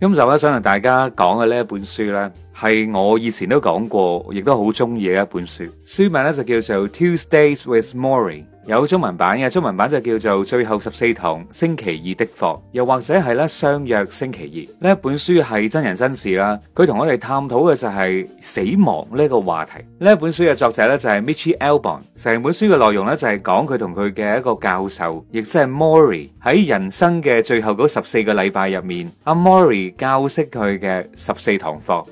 今日我想同大家講嘅呢一本書咧。係我以前都講過，亦都好中意嘅一本書。書名咧就叫做《Two Days with Maury》，有中文版嘅，中文版就叫做《最後十四堂星期二的課》，又或者係咧，相約星期二呢一本書係真人真事啦。佢同我哋探討嘅就係死亡呢個話題。呢一本書嘅作者咧就係 Mitch Albom，成本書嘅內容咧就係講佢同佢嘅一個教授，亦即係 Maury 喺人生嘅最後嗰十四個禮拜入面，阿 Maury 教識佢嘅十四堂課。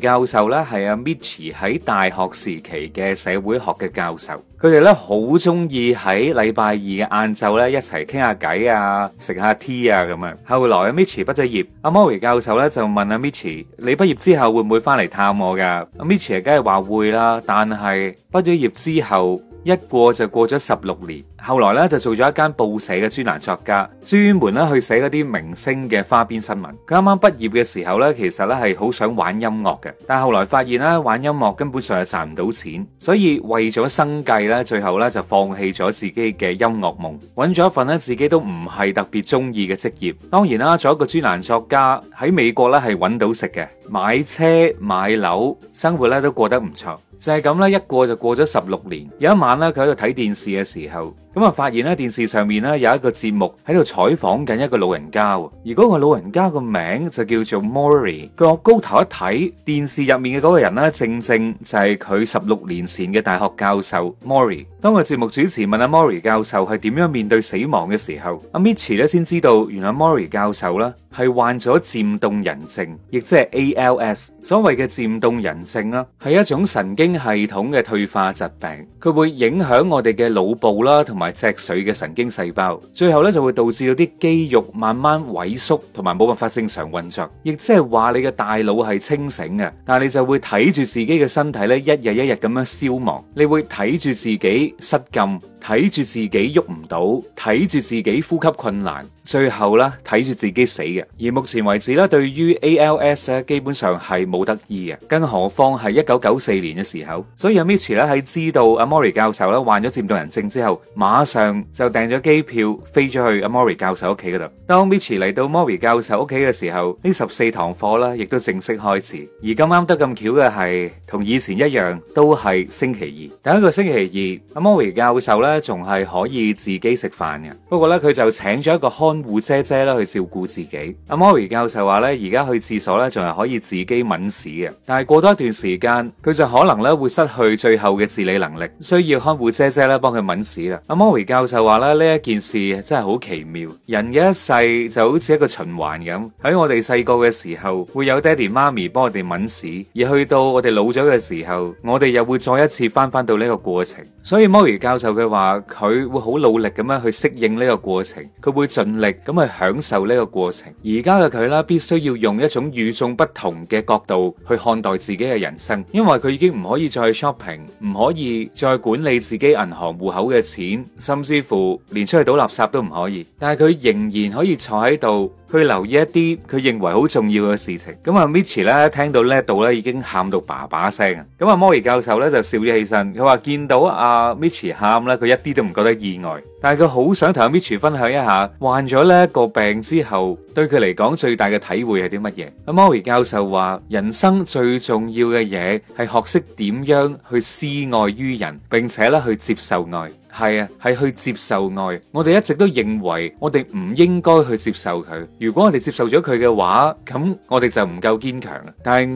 教授咧係阿 Mitchie 喺大學時期嘅社會學嘅教授，佢哋咧好中意喺禮拜二嘅晏晝咧一齊傾下偈啊，食下 tea 啊咁樣。後來阿 Mitchie 畢咗業，阿、啊、Morrie 教授咧就問阿 Mitchie，你畢業之後會唔會翻嚟探我噶？阿、啊、Mitchie 梗係話會啦，但係畢咗業之後。一過就過咗十六年，後來咧就做咗一間報社嘅專欄作家，專門咧去寫嗰啲明星嘅花邊新聞。啱啱畢業嘅時候咧，其實咧係好想玩音樂嘅，但係後來發現咧玩音樂根本上係賺唔到錢，所以為咗生計咧，最後咧就放棄咗自己嘅音樂夢，揾咗一份咧自己都唔係特別中意嘅職業。當然啦，做一個專欄作家喺美國咧係揾到食嘅，買車買樓，生活咧都過得唔錯。就係咁咧，一過就過咗十六年。有一晚咧，佢喺度睇電視嘅時候。咁啊！發現咧電視上面咧有一個節目喺度採訪緊一個老人家，而嗰個老人家個名就叫做 Morrie。佢擱高頭一睇電視入面嘅嗰個人咧，正正就係佢十六年前嘅大學教授 Morrie。當個節目主持問阿 Morrie 教授係點樣面對死亡嘅時候，阿 Mitch 咧先知道原來 Morrie 教授啦係患咗漸凍人症，亦即係 ALS。所謂嘅漸凍人症啦係一種神經系統嘅退化疾病，佢會影響我哋嘅腦部啦，同埋脊髓嘅神經細胞，最後咧就會導致到啲肌肉慢慢萎縮，同埋冇辦法正常運作，亦即係話你嘅大腦係清醒嘅，但係你就會睇住自己嘅身體咧，一日一日咁樣消亡，你會睇住自己失禁。睇住自己喐唔到，睇住自己呼吸困難，最後啦睇住自己死嘅。而目前為止咧，對於 ALS 咧，基本上係冇得醫嘅，更何況係一九九四年嘅時候。所以 Mitch 咧喺知道阿 Mori 教授咧患咗漸凍人症之後，馬上就訂咗機票飛咗去阿 Mori 教授屋企嗰度。當 Mitch 嚟到 Mori 教授屋企嘅時候，呢十四堂課啦，亦都正式開始。而咁啱得咁巧嘅係，同以前一樣，都係星期二。第一個星期二，阿 Mori 教授咧。仲係可以自己食飯嘅，不過咧佢就請咗一個看護姐姐咧去照顧自己。阿 Morrie 教授話咧，而家去廁所咧仲係可以自己抿屎嘅，但係過多一段時間，佢就可能咧會失去最後嘅自理能力，需要看護姐姐咧幫佢抿屎啦。阿 Morrie 教授話咧，呢一件事真係好奇妙，人嘅一世就好似一個循環咁，喺我哋細個嘅時候會有爹哋媽咪幫我哋抿屎，而去到我哋老咗嘅時候，我哋又會再一次翻翻到呢個過程。所以 Morrie 教授嘅話。話佢會好努力咁樣去適應呢個過程，佢會盡力咁去享受呢個過程。而家嘅佢啦，必須要用一種與眾不同嘅角度去看待自己嘅人生，因為佢已經唔可以再 shopping，唔可以再管理自己銀行戶口嘅錢，甚至乎連出去倒垃圾都唔可以。但係佢仍然可以坐喺度。去留意一啲佢認為好重要嘅事情，咁啊 Mitch 咧聽到呢度咧已經喊到爸爸聲啊！咁啊 Morrie 教授咧就笑咗起身，佢話見到阿 Mitch 喊咧，佢一啲都唔覺得意外，但係佢好想同阿 Mitch 分享一下患咗呢個病之後，對佢嚟講最大嘅體會係啲乜嘢。阿 Morrie 教授話，人生最重要嘅嘢係學識點樣去施愛於人，並且咧去接受愛。係啊，係去接受愛。我哋一直都認為我哋唔應該去接受佢。如果我哋接受咗佢嘅話，咁我哋就唔夠堅強。但係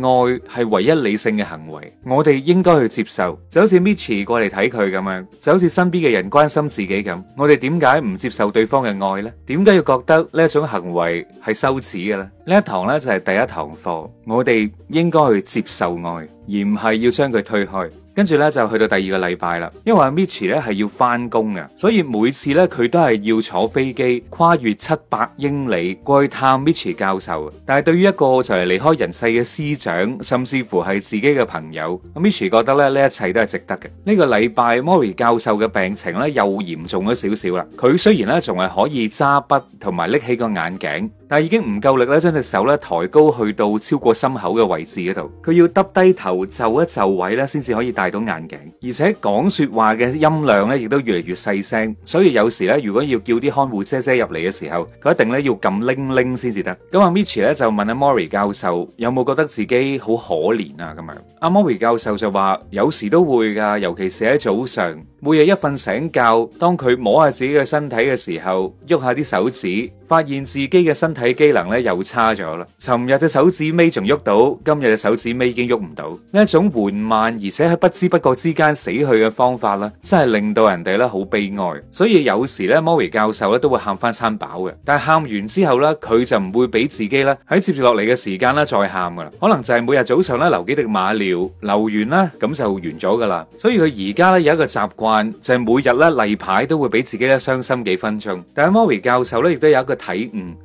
愛係唯一理性嘅行為，我哋應該去接受。就好似 Mitchie 過嚟睇佢咁樣，就好似身邊嘅人關心自己咁。我哋點解唔接受對方嘅愛呢？點解要覺得呢一種行為係羞恥嘅咧？呢一堂咧就係第一堂課，我哋應該去接受愛，而唔係要將佢推開。跟住咧，就去到第二個禮拜啦，因為 Mitch 咧，係要翻工嘅，所以每次咧，佢都係要坐飛機跨越七百英里過去探 Mitch 教授。但係對於一個就嚟離開人世嘅師長，甚至乎係自己嘅朋友，阿 Mitch 覺得咧，呢一切都係值得嘅。呢、這個禮拜 Mori 教授嘅病情咧，又嚴重咗少少啦。佢雖然咧仲係可以揸筆同埋拎起個眼鏡，但係已經唔夠力咧，將隻手咧，抬高去到超過心口嘅位置嗰度，佢要耷低頭就一就位咧，先至可以戴到眼鏡，而且講說話嘅音量咧，亦都越嚟越細聲，所以有時咧，如果要叫啲看護姐姐入嚟嘅時候，佢一定咧要撳鈴鈴先至得。咁阿 Mitch 咧就問阿 Morrie 教授有冇覺得自己好可憐啊？咁樣，阿 Morrie 教授就話有時都會噶，尤其是喺早上，每日一瞓醒覺，當佢摸下自己嘅身體嘅時候，喐下啲手指，發現自己嘅身體機能咧又差咗啦，尋日隻手指尾仲喐到，今日隻手指尾已經喐唔到。呢一種緩慢而且喺不知不覺之間死去嘅方法咧，真係令到人哋咧好悲哀。所以有時咧，Morrie 教授咧都會喊翻餐飽嘅，但係喊完之後咧，佢就唔會俾自己咧喺接住落嚟嘅時間啦再喊噶啦。可能就係每日早上咧流幾滴馬尿，流完咧咁就完咗噶啦。所以佢而家咧有一個習慣，就係每日咧例牌都會俾自己咧傷心幾分鐘。但係 Morrie 教授咧亦都有一個。體悟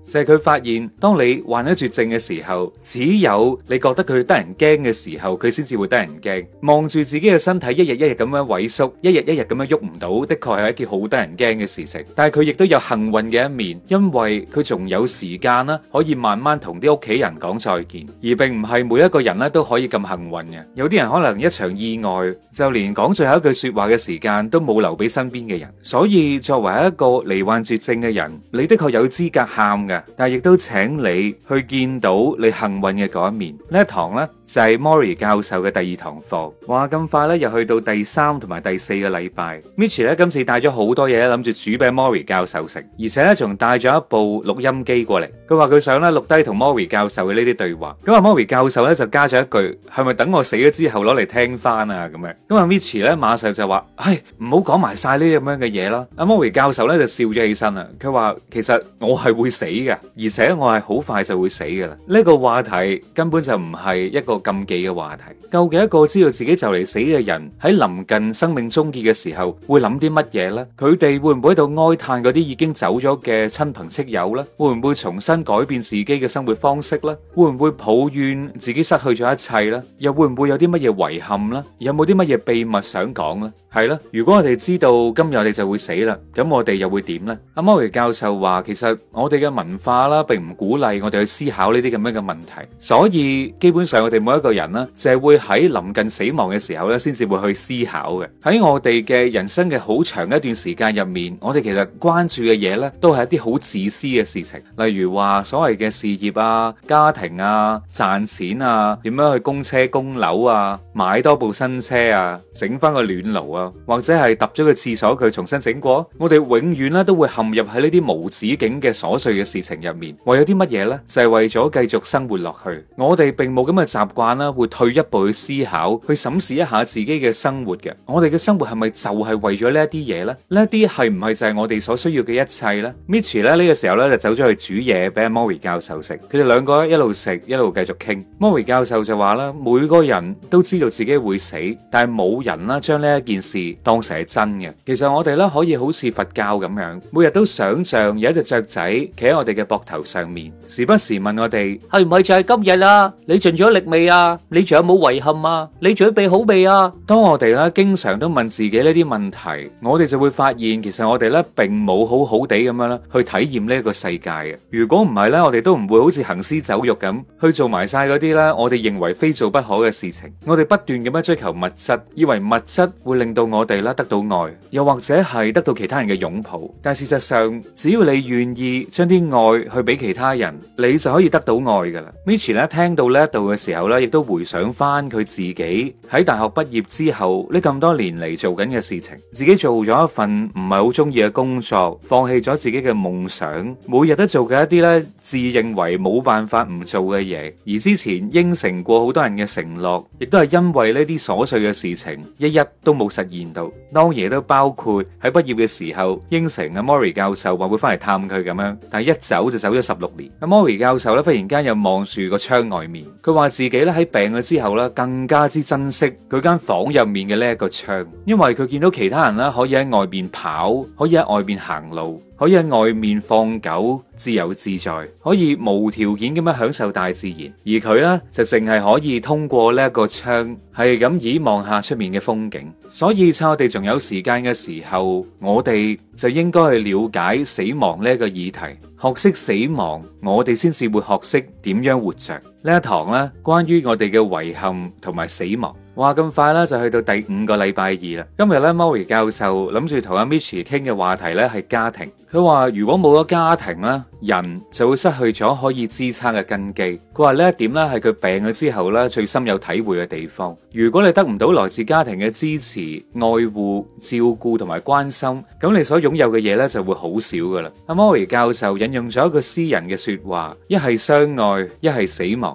就係佢發現，當你患咗絕症嘅時候，只有你覺得佢得人驚嘅時候，佢先至會得人驚。望住自己嘅身體，一日一日咁樣萎縮，一日一日咁樣喐唔到，的確係一件好得人驚嘅事情。但係佢亦都有幸運嘅一面，因為佢仲有時間啦，可以慢慢同啲屋企人講再見。而並唔係每一個人咧都可以咁幸運嘅，有啲人可能一場意外，就連講最後一句說話嘅時間都冇留俾身邊嘅人。所以作為一個罹患絕症嘅人，你的確有知。資格喊嘅，但係亦都請你去見到你幸運嘅嗰一面。呢一堂咧。就係 Morrie 教授嘅第二堂課，話咁快咧又去到第三同埋第四個禮拜，Mitch 咧今次帶咗好多嘢諗住煮俾 Morrie 教授食，而且咧仲帶咗一部錄音機過嚟，佢話佢想咧錄低同 Morrie 教授嘅呢啲對話，咁啊 Morrie 教授咧就加咗一句係咪等我死咗之後攞嚟聽翻啊咁嘅，咁啊 Mitch 咧馬上就話唉，唔好講埋晒呢咁樣嘅嘢啦，阿 Morrie 教授咧就笑咗起身啦，佢話其實我係會死嘅，而且我係好快就會死噶啦，呢個話題根本就唔係一個禁忌嘅話題，究竟一個知道自己就嚟死嘅人喺臨近生命終結嘅時候，會諗啲乜嘢呢？佢哋會唔會喺度哀嘆嗰啲已經走咗嘅親朋戚友呢？會唔會重新改變自己嘅生活方式呢？會唔會抱怨自己失去咗一切呢？又會唔會有啲乜嘢遺憾呢？有冇啲乜嘢秘密想講呢？係咯，如果我哋知道今日我哋就會死啦，咁我哋又會點呢？阿摩瑞教授話，其實我哋嘅文化啦，並唔鼓勵我哋去思考呢啲咁樣嘅問題，所以基本上我哋每一個人呢，就係會喺臨近死亡嘅時候呢，先至會去思考嘅。喺我哋嘅人生嘅好長一段時間入面，我哋其實關注嘅嘢呢，都係一啲好自私嘅事情，例如話所謂嘅事業啊、家庭啊、賺錢啊、點樣去供車、供樓啊、買多部新車啊、整翻個暖爐啊。或者係揼咗個廁所佢重新整過，我哋永遠咧都會陷入喺呢啲無止境嘅瑣碎嘅事情入面。為有啲乜嘢呢？就係、是、為咗繼續生活落去。我哋並冇咁嘅習慣啦，會退一步去思考，去審視一下自己嘅生活嘅。我哋嘅生活係咪就係為咗呢一啲嘢呢？呢一啲係唔係就係我哋所需要嘅一切呢？m i t c h y 呢、這個時候呢，就走咗去煮嘢俾 m o r i 教授食，佢哋兩個一路食一路繼續傾。m o r i 教授就話啦：每個人都知道自己會死，但係冇人啦將呢一件事。當時係真嘅，其實我哋咧可以好似佛教咁樣，每日都想象有一隻雀仔企喺我哋嘅膊頭上面，時不時問我哋係唔係就係今日啊？你盡咗力未啊？你仲有冇遺憾啊？你準備好未啊？當我哋咧經常都問自己呢啲問題，我哋就會發現，其實我哋咧並冇好好地咁樣咧去體驗呢個世界嘅。如果唔係咧，我哋都唔會好似行屍走肉咁去做埋晒嗰啲咧我哋認為非做不可嘅事情。我哋不斷咁樣追求物質，以為物質會令到。我哋啦，得到愛，又或者係得到其他人嘅擁抱。但係事實上，只要你願意將啲愛去俾其他人，你就可以得到愛噶啦。Mitch 咧，聽到呢一度嘅時候咧，亦都回想翻佢自己喺大學畢業之後呢咁多年嚟做緊嘅事情，自己做咗一份唔係好中意嘅工作，放棄咗自己嘅夢想，每日都做緊一啲咧自認為冇辦法唔做嘅嘢，而之前應承過好多人嘅承諾，亦都係因為呢啲瑣碎嘅事情，一一都冇實。現到，當然，都包括喺畢業嘅時候應承阿 Morrie 教授話會翻嚟探佢咁樣，但係一走就走咗十六年。阿 Morrie 教授咧忽然間又望住個窗外面，佢話自己咧喺病咗之後咧更加之珍惜佢間房入面嘅呢一個窗，因為佢見到其他人咧可以喺外邊跑，可以喺外邊行路。可以喺外面放狗自由自在，可以無條件咁樣享受大自然。而佢呢，就淨係可以通過呢一個窗，係咁倚望下出面嘅風景。所以趁我哋仲有時間嘅時候，我哋就應該去了解死亡呢一個議題，學識死亡，我哋先至會學識點樣活着。呢一堂咧，關於我哋嘅遺憾同埋死亡。話咁快啦，就去到第五個禮拜二啦。今日咧，Morrie 教授諗住同阿 Mitchie 傾嘅話題咧係家庭。佢話如果冇咗家庭咧，人就會失去咗可以支撐嘅根基。佢話呢一點咧係佢病咗之後咧最深有體會嘅地方。如果你得唔到來自家庭嘅支持、愛護、照顧同埋關心，咁你所擁有嘅嘢咧就會好少噶啦。阿 Morrie 教授引用咗一個詩人嘅說話：一係相愛，一係死亡。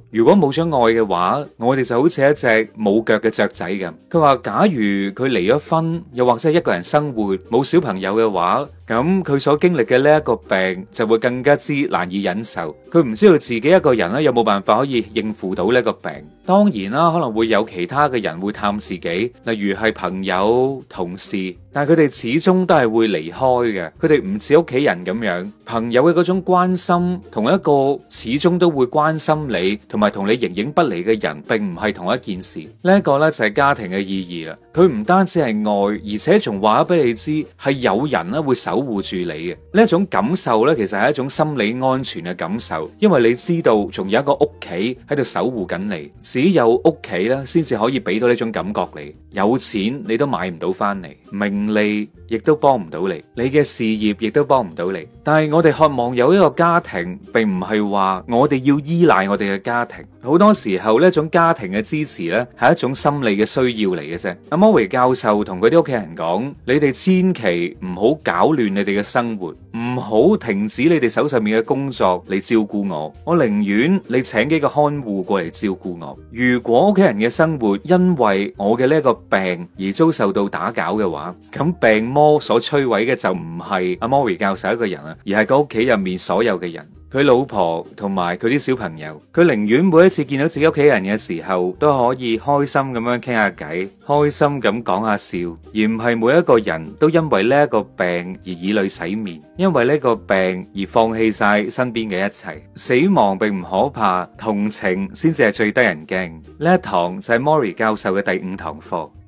如果冇咗愛嘅話，我哋就好似一隻冇腳嘅雀仔咁。佢話，假如佢離咗婚，又或者係一個人生活，冇小朋友嘅話，咁佢所經歷嘅呢一個病就會更加之難以忍受。佢唔知道自己一個人咧有冇辦法可以應付到呢個病。當然啦，可能會有其他嘅人會探自己，例如係朋友、同事，但係佢哋始終都係會離開嘅。佢哋唔似屋企人咁樣，朋友嘅嗰種關心，同一個始終都會關心你同。同埋同你形影不離嘅人，並唔係同一件事。這個、呢一個咧就係、是、家庭嘅意義啦。佢唔單止係愛，而且仲話俾你知係有人咧會守護住你嘅。呢一種感受呢，其實係一種心理安全嘅感受，因為你知道仲有一個屋企喺度守護緊你。只有屋企咧，先至可以俾到呢種感覺你。有錢你都買唔到翻嚟，名利亦都幫唔到你，你嘅事業亦都幫唔到你。但係我哋渴望有一個家庭，並唔係話我哋要依賴我哋嘅家庭。好多時候呢一種家庭嘅支持咧，係一種心理嘅需要嚟嘅啫。阿莫瑞教授同佢啲屋企人講：你哋千祈唔好搞亂你哋嘅生活，唔好停止你哋手上面嘅工作嚟照顧我。我寧願你請幾個看護過嚟照顧我。如果屋企人嘅生活因為我嘅呢個病而遭受到打攪嘅話，咁病魔所摧毀嘅就唔係阿莫瑞教授一個人啊，而係個屋企入面所有嘅人。佢老婆同埋佢啲小朋友，佢寧願每一次見到自己屋企人嘅時候，都可以開心咁樣傾下偈，開心咁講下笑，而唔係每一個人都因為呢一個病而以淚洗面，因為呢個病而放棄晒身邊嘅一切。死亡並唔可怕，同情先至係最得人驚。呢一堂就係 Mori 教授嘅第五堂課。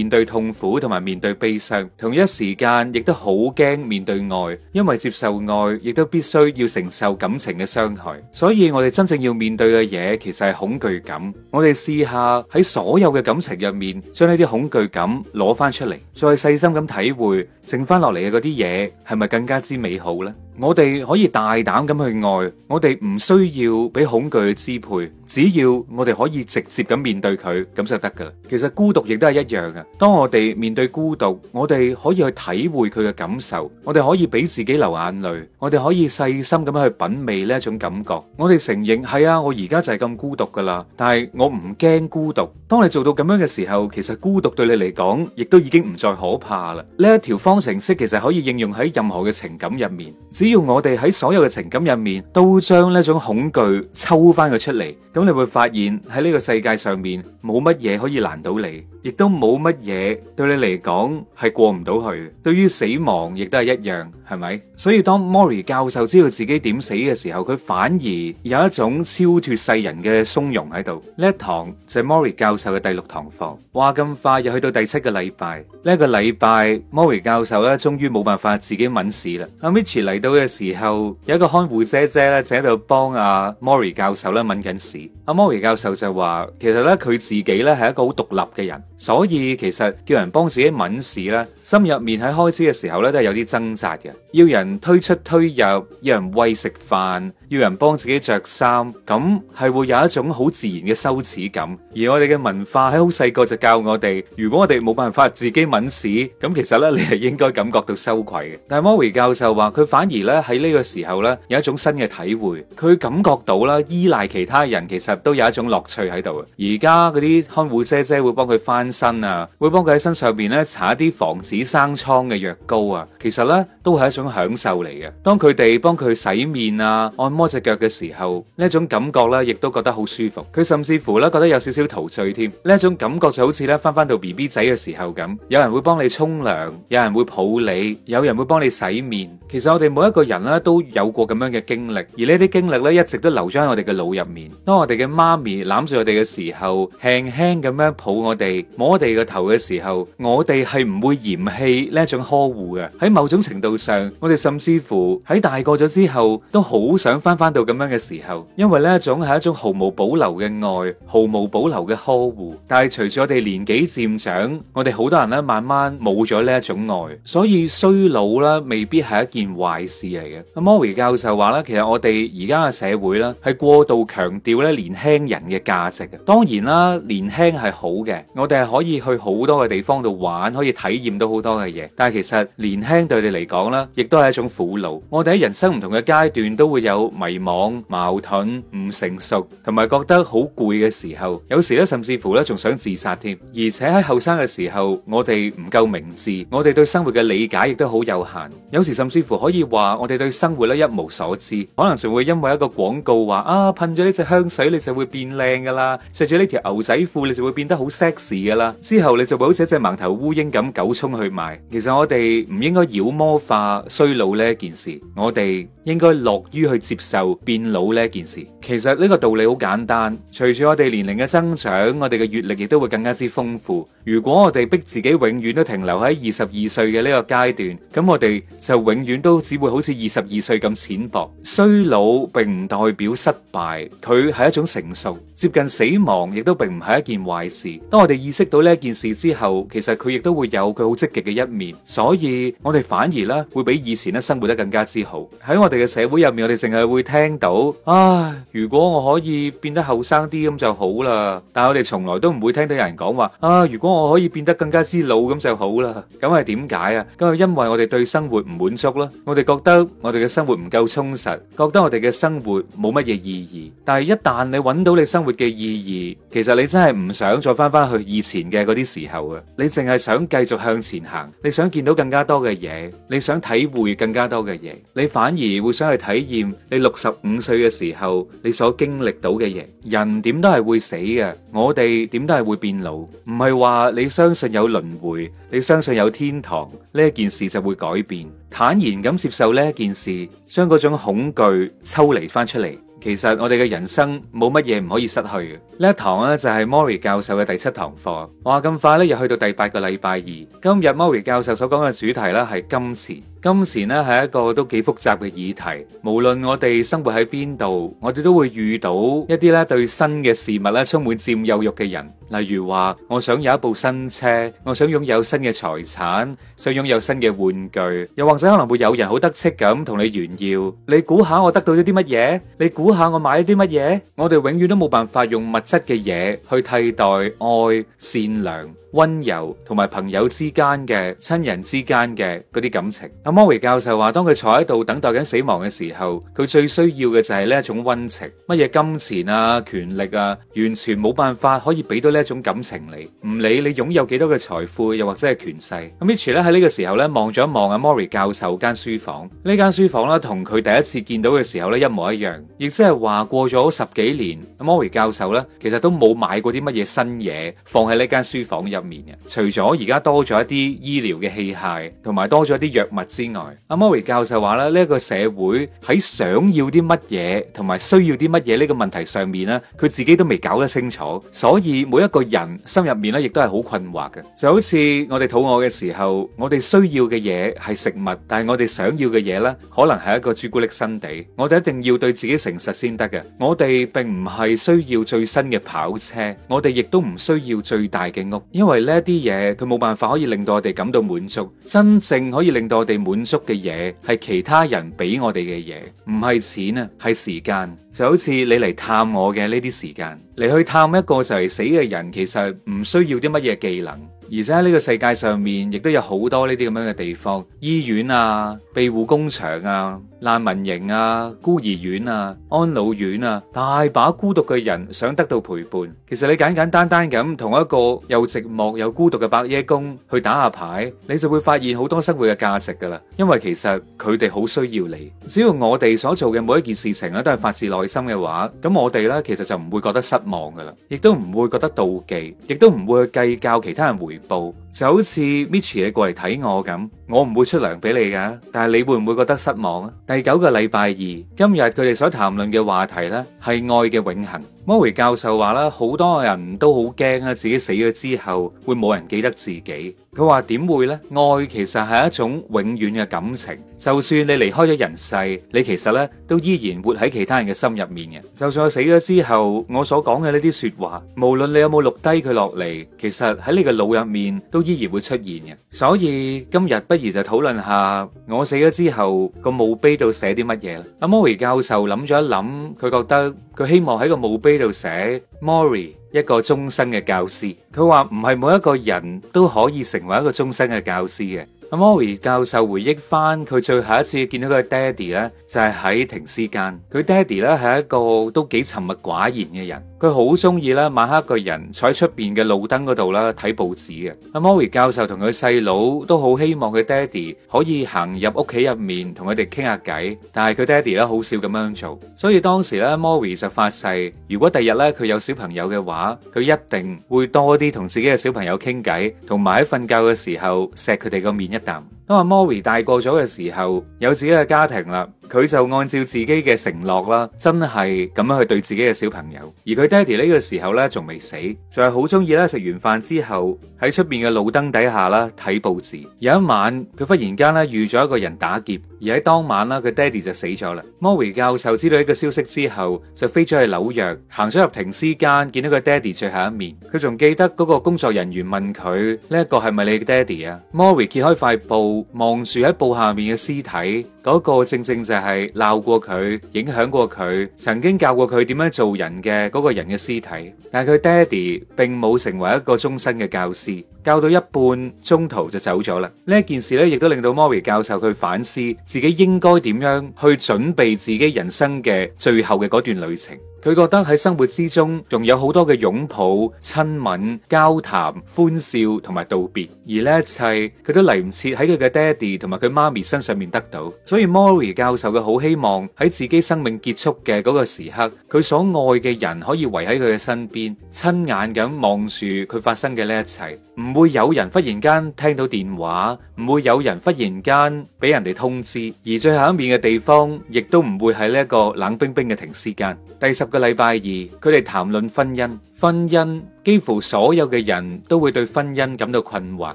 面對痛苦同埋面對悲傷，同一時間亦都好驚面對愛，因為接受愛亦都必須要承受感情嘅傷害。所以我哋真正要面對嘅嘢，其實係恐懼感。我哋試下喺所有嘅感情入面，將呢啲恐懼感攞翻出嚟，再細心咁體會剩翻落嚟嘅嗰啲嘢，係咪更加之美好呢？我哋可以大膽咁去愛，我哋唔需要俾恐懼去支配，只要我哋可以直接咁面對佢，咁就得噶。其實孤獨亦都係一樣噶。當我哋面對孤獨，我哋可以去體會佢嘅感受，我哋可以俾自己流眼淚，我哋可以細心咁樣去品味呢一種感覺。我哋承認係啊，我而家就係咁孤獨噶啦，但係我唔驚孤獨。當你做到咁樣嘅時候，其實孤獨對你嚟講，亦都已經唔再可怕啦。呢一條方程式其實可以應用喺任何嘅情感入面。只只要我哋喺所有嘅情感入面，都將呢種恐懼抽翻佢出嚟，咁你會發現喺呢個世界上面，冇乜嘢可以難到你。亦都冇乜嘢對你嚟講係過唔到去，對於死亡亦都係一樣，係咪？所以當 Mori 教授知道自己點死嘅時候，佢反而有一種超脫世人嘅鬆容喺度。呢一堂就係 Mori 教授嘅第六堂課。話咁快又去到第七個禮拜，呢一個禮拜 Mori 教授咧，終於冇辦法自己揾屎啦。阿 Mitchy 嚟到嘅時候，有一個看護姐姐咧就喺度幫阿 Mori 教授咧揾緊屎。阿 Mori 教授就話，其實咧佢自己咧係一個好獨立嘅人。所以其實叫人幫自己抿屎咧，心入面喺開始嘅時候咧都係有啲掙扎嘅。要人推出推入，要人餵食飯，要人幫自己着衫，咁係會有一種好自然嘅羞恥感。而我哋嘅文化喺好細個就教我哋，如果我哋冇辦法自己抿屎，咁其實咧你係應該感覺到羞愧嘅。但係 Morrie 教授話，佢反而咧喺呢個時候咧有一種新嘅體會，佢感覺到啦，依賴其他人其實都有一種樂趣喺度。而家嗰啲看護姐姐會幫佢翻身啊，會幫佢喺身上邊咧搽一啲防止生瘡嘅藥膏啊。其實咧都係一種享受嚟嘅。當佢哋幫佢洗面啊、按摩隻腳嘅時候，呢一種感覺咧亦都覺得好舒服。佢甚至乎咧覺得有少少陶醉添。呢一種感覺就好似咧翻翻到 BB 仔嘅時候咁。有人會幫你沖涼，有人會抱你，有人會幫你洗面。其實我哋每一個人咧都有過咁樣嘅經歷，而呢啲經歷咧一直都留咗喺我哋嘅腦入面。當我哋嘅媽咪攬住我哋嘅時候，輕輕咁樣抱我哋。摸我哋個頭嘅時候，我哋係唔會嫌棄呢一種呵護嘅。喺某種程度上，我哋甚至乎喺大個咗之後，都好想翻翻到咁樣嘅時候，因為呢一種係一種毫無保留嘅愛，毫無保留嘅呵護。但係隨住我哋年紀漸長，我哋好多人咧慢慢冇咗呢一種愛。所以衰老啦，未必係一件壞事嚟嘅。阿 Morrie 教授話咧，其實我哋而家嘅社會啦，係過度強調咧年輕人嘅價值嘅。當然啦，年輕係好嘅，我哋係。可以去好多嘅地方度玩，可以體驗到好多嘅嘢。但係其實年輕對佢哋嚟講啦，亦都係一種苦惱。我哋喺人生唔同嘅階段都會有迷茫、矛盾、唔成熟，同埋覺得好攰嘅時候。有時咧，甚至乎咧，仲想自殺添。而且喺後生嘅時候，我哋唔夠明智，我哋對生活嘅理解亦都好有限。有時甚至乎可以話，我哋對生活咧一無所知。可能仲會因為一個廣告話啊，噴咗呢隻香水你就會變靚噶啦，着住呢條牛仔褲你就會變得好 sexy 噶啦。之後你就會好似一隻盲頭烏蠅咁狗衝去賣。其實我哋唔應該妖魔化衰老呢一件事，我哋應該樂於去接受變老呢一件事。其實呢個道理好簡單，隨住我哋年齡嘅增長，我哋嘅閱歷亦都會更加之豐富。如果我哋逼自己永遠都停留喺二十二歲嘅呢個階段，咁我哋就永遠都只會好似二十二歲咁淺薄。衰老並唔代表失敗，佢係一種成熟，接近死亡亦都並唔係一件壞事。當我哋意識。識到呢件事之後，其實佢亦都會有佢好積極嘅一面，所以我哋反而咧會比以前咧生活得更加之好。喺我哋嘅社會入面，我哋淨係會聽到，唉，如果我可以變得後生啲咁就好啦。但係我哋從來都唔會聽到有人講話，啊，如果我可以變得更加之老咁就好啦。咁係點解啊？咁係因為我哋對生活唔滿足啦。我哋覺得我哋嘅生活唔夠充實，覺得我哋嘅生活冇乜嘢意義。但係一旦你揾到你生活嘅意義，其實你真係唔想再翻翻去以前前嘅嗰啲時候啊，你淨係想繼續向前行，你想見到更加多嘅嘢，你想體會更加多嘅嘢，你反而會想去體驗你六十五歲嘅時候你所經歷到嘅嘢。人點都係會死嘅，我哋點都係會變老，唔係話你相信有輪迴，你相信有天堂呢一件事就會改變。坦然咁接受呢一件事，將嗰種恐懼抽離翻出嚟。其實我哋嘅人生冇乜嘢唔可以失去嘅。呢一堂咧就係 Mori 教授嘅第七堂課。話咁快咧又去到第八個禮拜二。今日 Mori 教授所講嘅主題咧係金錢。金錢咧係一個都幾複雜嘅議題，無論我哋生活喺邊度，我哋都會遇到一啲咧對新嘅事物咧充滿佔有慾嘅人，例如話我想有一部新車，我想擁有新嘅財產，想擁有新嘅玩具，又或者可能會有人好得戚咁同你炫耀，你估下我得到咗啲乜嘢？你估下我買咗啲乜嘢？我哋永遠都冇辦法用物質嘅嘢去替代愛善良。温柔同埋朋友之間嘅、親人之間嘅嗰啲感情。阿莫瑞教授話，當佢坐喺度等待緊死亡嘅時候，佢最需要嘅就係呢一種温情。乜嘢金錢啊、權力啊，完全冇辦法可以俾到呢一種感情，你唔理你擁有幾多嘅財富，又或者係權勢。咁 Mitch 咧喺呢個時候咧望咗一望阿莫瑞教授間書房，呢間書房咧同佢第一次見到嘅時候咧一模一樣，亦即係話過咗十幾年，阿莫瑞教授咧其實都冇買過啲乜嘢新嘢放喺呢間書房入。面嘅，除咗而家多咗一啲醫療嘅器械，同埋多咗一啲藥物之外，阿莫瑞教授話咧，呢一個社會喺想要啲乜嘢，同埋需要啲乜嘢呢個問題上面咧，佢自己都未搞得清楚，所以每一個人心入面咧，亦都係好困惑嘅。就好似我哋肚餓嘅時候，我哋需要嘅嘢係食物，但係我哋想要嘅嘢咧，可能係一個朱古力新地。我哋一定要對自己誠實先得嘅。我哋並唔係需要最新嘅跑車，我哋亦都唔需要最大嘅屋，因為因為呢啲嘢，佢冇辦法可以令到我哋感到滿足。真正可以令到我哋滿足嘅嘢，係其他人俾我哋嘅嘢，唔係錢啊，係時間。就好似你嚟探我嘅呢啲時間，嚟去探一個就嚟死嘅人，其實唔需要啲乜嘢技能。而且喺呢個世界上面，亦都有好多呢啲咁樣嘅地方，醫院啊，庇護工場啊。難民營啊、孤兒院啊、安老院啊，大把孤獨嘅人想得到陪伴。其實你簡簡單單咁同一個又寂寞又孤獨嘅伯爺公去打下牌，你就會發現好多生活嘅價值噶啦。因為其實佢哋好需要你。只要我哋所做嘅每一件事情咧，都係發自內心嘅話，咁我哋咧其實就唔會覺得失望噶啦，亦都唔會覺得妒忌，亦都唔會去計較其他人回報。就好似 Mitchie 你過嚟睇我咁，我唔會出糧俾你噶，但係你會唔會覺得失望啊？第九個禮拜二，今日佢哋所談論嘅話題咧，係愛嘅永恆。莫里教授話啦，好多人都好驚啊，自己死咗之後會冇人記得自己。佢話點會咧？愛其實係一種永遠嘅感情，就算你離開咗人世，你其實咧都依然活喺其他人嘅心入面嘅。就算我死咗之後，我所講嘅呢啲說話，無論你有冇錄低佢落嚟，其實喺你嘅腦入面都依然會出現嘅。所以今日不如就討論下我死咗之後個墓碑度寫啲乜嘢啦。阿莫里教授諗咗一諗，佢覺得佢希望喺個墓碑呢度寫 Mori 一個終身嘅教師，佢話唔係每一個人都可以成為一個終身嘅教師嘅。阿莫瑞教授回憶翻佢最後一次見到佢爹哋咧，就係喺停屍間。佢爹哋咧係一個都幾沉默寡言嘅人。佢好中意咧晚黑個人坐喺出邊嘅路燈嗰度啦，睇報紙嘅。阿莫瑞教授同佢細佬都好希望佢爹哋可以行入屋企入面同佢哋傾下偈，但係佢爹哋咧好少咁樣做。所以當時咧，莫瑞就發誓，如果第日咧佢有小朋友嘅話，佢一定會多啲同自己嘅小朋友傾偈，同埋喺瞓覺嘅時候錫佢哋個面。因為 Mori 大個咗嘅時候，有自己嘅家庭啦。佢就按照自己嘅承諾啦，真係咁樣去對自己嘅小朋友。而佢爹哋呢個時候呢，仲未死，就係好中意咧食完飯之後喺出邊嘅路燈底下啦睇報紙。有一晚，佢忽然間咧遇咗一個人打劫，而喺當晚啦，佢爹哋就死咗啦。莫瑞教授知道呢個消息之後，就飛咗去紐約，行咗入停屍間，見到佢爹哋最後一面。佢仲記得嗰個工作人員問佢：呢一個係咪你嘅爹哋啊？莫瑞揭開塊布，望住喺布下面嘅屍體。嗰個正正就係鬧過佢、影響過佢、曾經教過佢點樣做人嘅嗰個人嘅屍體，但係佢爹地並冇成為一個終身嘅教師。教到一半，中途就走咗啦。呢一件事咧，亦都令到 Morrie 教授佢反思自己應該點樣去準備自己人生嘅最後嘅嗰段旅程。佢覺得喺生活之中仲有好多嘅擁抱、親吻、交談、歡笑同埋道別，而呢一切佢都嚟唔切喺佢嘅爹哋同埋佢媽咪身上面得到。所以 Morrie 教授佢好希望喺自己生命結束嘅嗰個時刻，佢所愛嘅人可以圍喺佢嘅身邊，親眼咁望住佢發生嘅呢一切。唔唔會有人忽然間聽到電話，唔會有人忽然間俾人哋通知，而最後一面嘅地方，亦都唔會係呢一個冷冰冰嘅停屍間。第十個禮拜二，佢哋談論婚姻。婚姻幾乎所有嘅人都會對婚姻感到困惑，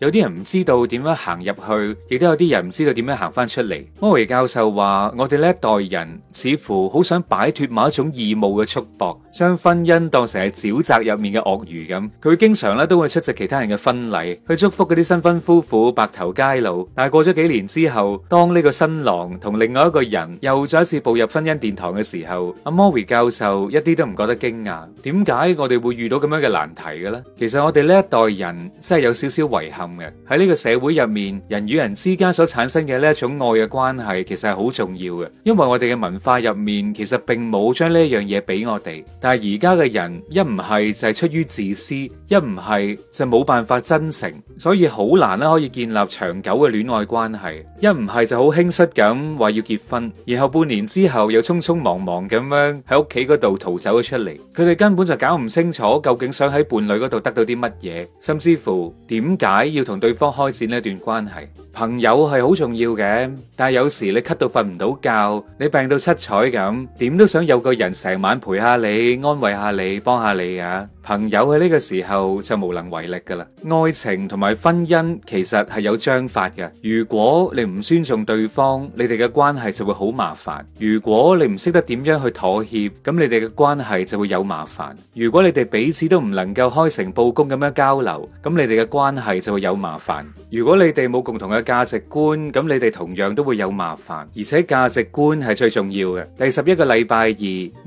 有啲人唔知道點樣行入去，亦都有啲人唔知道點樣行翻出嚟。Morrie 教授話，我哋呢一代人似乎好想擺脱某一種義務嘅束縛，將婚姻當成係沼澤入面嘅鱷魚咁。佢經常咧都會出席其他人嘅婚禮，去祝福嗰啲新婚夫婦白頭偕老。但係過咗幾年之後，當呢個新郎同另外一個人又再一次步入婚姻殿堂嘅時候，阿 Morrie 教授一啲都唔覺得驚訝。點解我哋？會遇到咁樣嘅難題嘅咧。其實我哋呢一代人真係有少少遺憾嘅。喺呢個社會入面，人與人之間所產生嘅呢一種愛嘅關係，其實係好重要嘅。因為我哋嘅文化入面，其實並冇將呢一樣嘢俾我哋。但係而家嘅人，一唔係就係出於自私，一唔係就冇辦法真誠，所以好難啦可以建立長久嘅戀愛關係。一唔係就好輕率咁話要結婚，然後半年之後又匆匆忙忙咁樣喺屋企嗰度逃走咗出嚟。佢哋根本就搞唔清。清楚究竟想喺伴侶嗰度得到啲乜嘢，甚至乎點解要同對方開展呢一段關係？朋友係好重要嘅，但係有時你咳到瞓唔到覺，你病到七彩咁，點都想有個人成晚陪下你，安慰下你，幫下你啊！朋友喺呢個時候就無能為力噶啦。愛情同埋婚姻其實係有章法嘅。如果你唔尊重對方，你哋嘅關係就會好麻煩。如果你唔識得點樣去妥協，咁你哋嘅關係就會有麻煩。如果你哋哋彼此都唔能夠開誠佈公咁樣交流，咁你哋嘅關係就會有麻煩。如果你哋冇共同嘅價值觀，咁你哋同樣都會有麻煩。而且價值觀係最重要嘅。第十一個禮拜二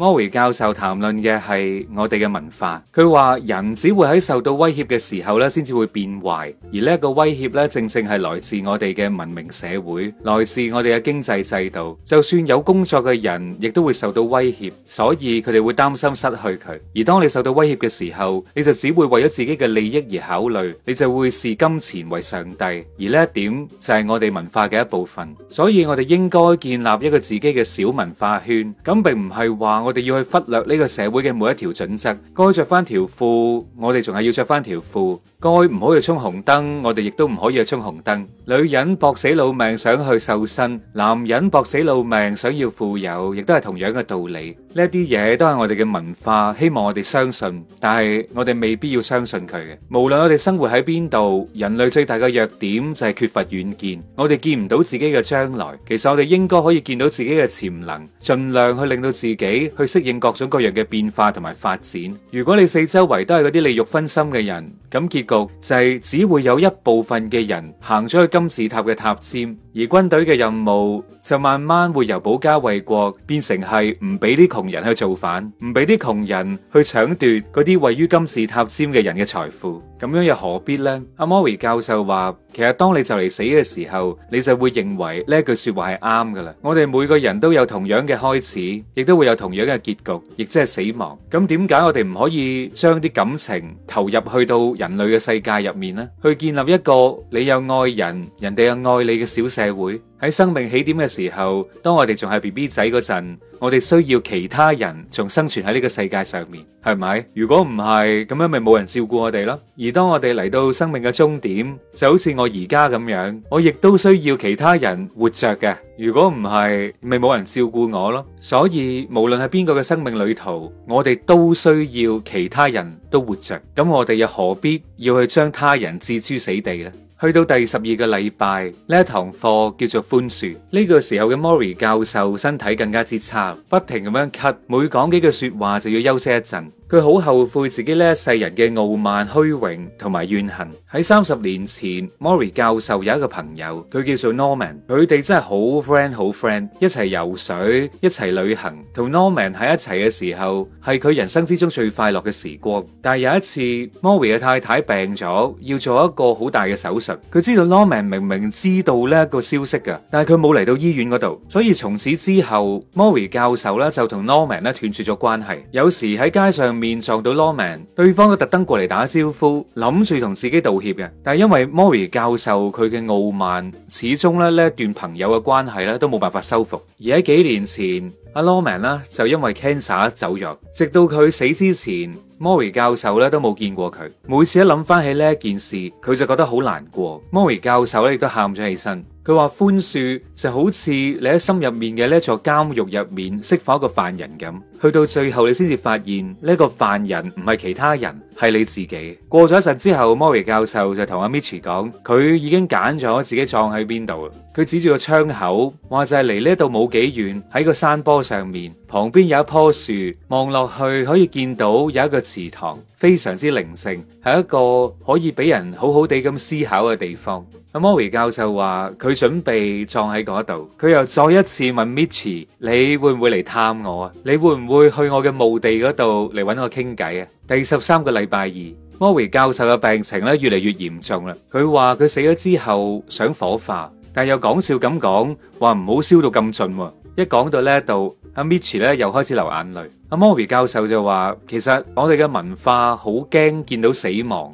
，Morrie 教授談論嘅係我哋嘅文化。佢話人只會喺受到威脅嘅時候咧，先至會變壞。而呢一個威脅咧，正正係來自我哋嘅文明社會，來自我哋嘅經濟制度。就算有工作嘅人，亦都會受到威脅，所以佢哋會擔心失去佢。而當你受到威脅嘅時候，你就只會為咗自己嘅利益而考慮，你就會視金錢為上帝，而呢一點就係我哋文化嘅一部分。所以，我哋應該建立一個自己嘅小文化圈。咁並唔係話我哋要去忽略呢個社會嘅每一條準則。該着翻條褲，我哋仲係要着翻條褲。該唔可以衝紅燈，我哋亦都唔可以去衝紅燈。女人搏死老命想去瘦身，男人搏死老命想要富有，亦都係同樣嘅道理。呢一啲嘢都係我哋嘅文化，希望我哋相信，但係我哋未必要相信佢嘅。無論我哋生活喺邊度，人類最大嘅弱點就係缺乏遠見，我哋見唔到自己嘅將來。其實我哋應該可以見到自己嘅潛能，盡量去令到自己去適應各種各樣嘅變化同埋發展。如果你四周圍都係嗰啲利慾熏心嘅人，咁結。就係只會有一部分嘅人行咗去金字塔嘅塔尖，而軍隊嘅任務就慢慢會由保家衛國變成係唔俾啲窮人去造反，唔俾啲窮人去搶奪嗰啲位於金字塔尖嘅人嘅財富。咁樣又何必呢？阿莫瑞教授話。其實當你就嚟死嘅時候，你就會認為呢句說話係啱噶啦。我哋每個人都有同樣嘅開始，亦都會有同樣嘅結局，亦即係死亡。咁點解我哋唔可以將啲感情投入去到人類嘅世界入面呢？去建立一個你有愛人，人哋有愛你嘅小社會？喺生命起點嘅時候，當我哋仲係 BB 仔嗰陣，我哋需要其他人仲生存喺呢個世界上面，係咪？如果唔係，咁樣咪冇人照顧我哋咯。而當我哋嚟到生命嘅終點，就好似我而家咁樣，我亦都需要其他人活着嘅。如果唔係，咪冇人照顧我咯。所以，無論係邊個嘅生命旅途，我哋都需要其他人都活着。咁我哋又何必要去將他人置諸死地呢？去到第十二個禮拜，呢一堂課叫做寬恕。呢、這個時候嘅 Morrie 教授身體更加之差，不停咁樣咳，每講幾句說話就要休息一陣。佢好後悔自己呢一世人嘅傲慢、虛榮同埋怨恨。喺三十年前，Mori 教授有一個朋友，佢叫做 Norman，佢哋真係好 friend 好 friend，一齊游水，一齊旅行。同 Norman 喺一齊嘅時候，係佢人生之中最快樂嘅時光。但係有一次，Mori 嘅太太病咗，要做一個好大嘅手術。佢知道 Norman 明明知道呢一個消息噶，但係佢冇嚟到醫院嗰度。所以從此之後，Mori 教授咧就同 Norman 咧斷絕咗關係。有時喺街上面撞到 Lawman，對方佢特登過嚟打招呼，諗住同自己道歉嘅。但係因為 Mori 教授佢嘅傲慢，始終咧呢一段朋友嘅關係咧都冇辦法修復。而喺幾年前，阿 Lawman 咧就因為 cancer 走咗，直到佢死之前，Mori 教授咧都冇見過佢。每次一諗翻起呢一件事，佢就覺得好難過。Mori 教授咧亦都喊咗起身，佢話寬恕就好似你喺心入面嘅呢一座監獄入面釋放一個犯人咁。去到最後你先至發現呢個犯人唔係其他人，係你自己。過咗一陣之後，Mori 教授就同阿 Mitchie 講，佢已經揀咗自己撞喺邊度。佢指住個窗口，話就係離呢度冇幾遠，喺個山坡上面旁邊有一棵樹，望落去可以見到有一個池塘，非常之寧靜，係一個可以俾人好好地咁思考嘅地方。阿 Mori 教授話佢準備撞喺嗰度，佢又再一次問 Mitchie，你會唔會嚟探我啊？你會唔會？會去我嘅墓地嗰度嚟搵我傾偈啊！第十三個禮拜二，Morrie 教授嘅病情咧越嚟越嚴重啦。佢話佢死咗之後想火化，但又講笑咁講，話唔好燒到咁盡、啊。一講到、啊、呢一度，阿 Mitch 咧又開始流眼淚。阿 Morrie 教授就話，其實我哋嘅文化好驚見到死亡。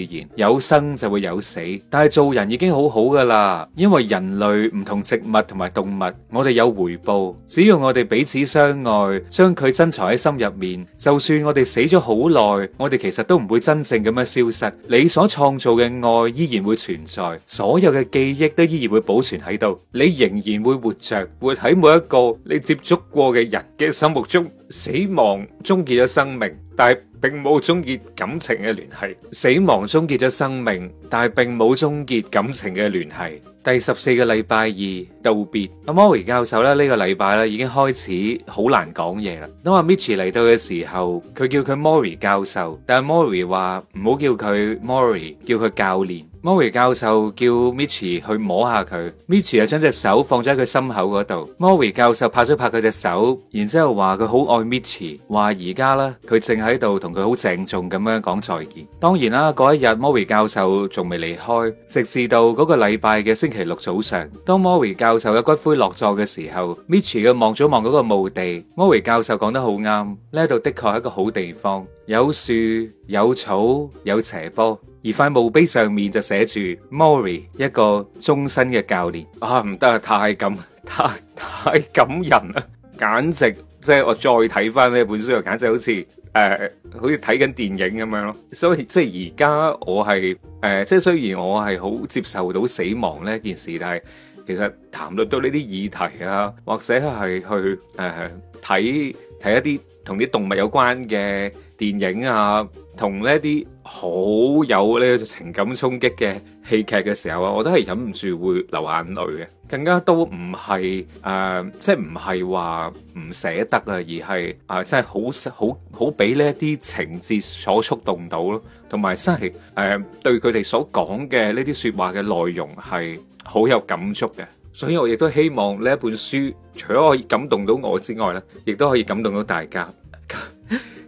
有生就會有死，但係做人已經好好噶啦。因為人類唔同植物同埋動物，我哋有回報。只要我哋彼此相愛，將佢珍藏喺心入面，就算我哋死咗好耐，我哋其實都唔會真正咁樣消失。你所創造嘅愛依然會存在，所有嘅記憶都依然會保存喺度。你仍然會活着，活喺每一個你接觸過嘅人嘅心目中。死亡終結咗生命，但係並冇終結感情嘅聯繫。死亡終結咗生命，但係並冇終結感情嘅聯繫。第十四個禮拜二道別，阿 Morrie 教授咧，呢個禮拜咧已經開始好難講嘢啦。當阿 Mitch 嚟到嘅時候，佢叫佢 Morrie 教授，但係 Morrie 話唔好叫佢 Morrie，叫佢教練。Morrie 教授叫 Mitch 去摸下佢。Mitch 又將隻手放咗喺佢心口嗰度。Morrie 教授拍咗拍佢隻手，然之後話佢好愛 Mitch，話而家啦佢正喺度同佢好鄭重咁樣講再見。當然啦，嗰一日 Morrie 教授仲未離開，直至到嗰個禮拜嘅星期六早上，當 Morrie 教授嘅骨灰落座嘅時候 Mitch 又望咗望嗰個墓地。Morrie 教授講得好啱，呢度的確係一個好地方，有樹有草有斜坡。而塊墓碑上面就寫住 Morrie 一個終身嘅教練啊。唔得啊，太感，太太感人啦！簡直即係我再睇翻呢本書，就簡直好似誒、呃，好似睇緊電影咁樣咯。所以即係而家我係誒，即係、呃、雖然我係好接受到死亡呢一件事，但係其實談論到呢啲議題啊，或者係去誒睇睇一啲同啲動物有關嘅。電影啊，同呢一啲好有呢情感衝擊嘅戲劇嘅時候啊，我都係忍唔住會流眼淚嘅，更加都唔係誒，即係唔係話唔捨得啊，而係啊，真係好好好俾呢一啲情節所觸動到咯，同埋真係誒，對佢哋所講嘅呢啲說話嘅內容係好有感觸嘅，所以我亦都希望呢一本書除咗可以感動到我之外呢，亦都可以感動到大家。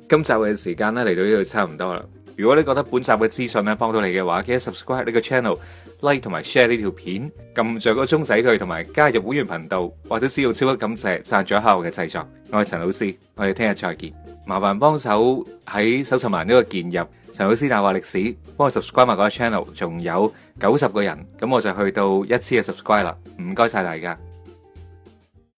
今集嘅時間咧嚟到呢度差唔多啦。如果你覺得本集嘅資訊咧幫到你嘅話，記得 subscribe 呢個 channel、like 同埋 share 呢條片，撳着個鐘仔佢，同埋加入會員頻道或者使用超級感謝讚助一下我嘅製作。我係陳老 C，我哋聽日再見。麻煩幫手喺搜尋欄呢個鍵入陳老 C 大話歷史，幫我 subscribe 埋個 channel。仲有九十個人，咁我就去到一次嘅 subscribe 啦。唔該晒大家。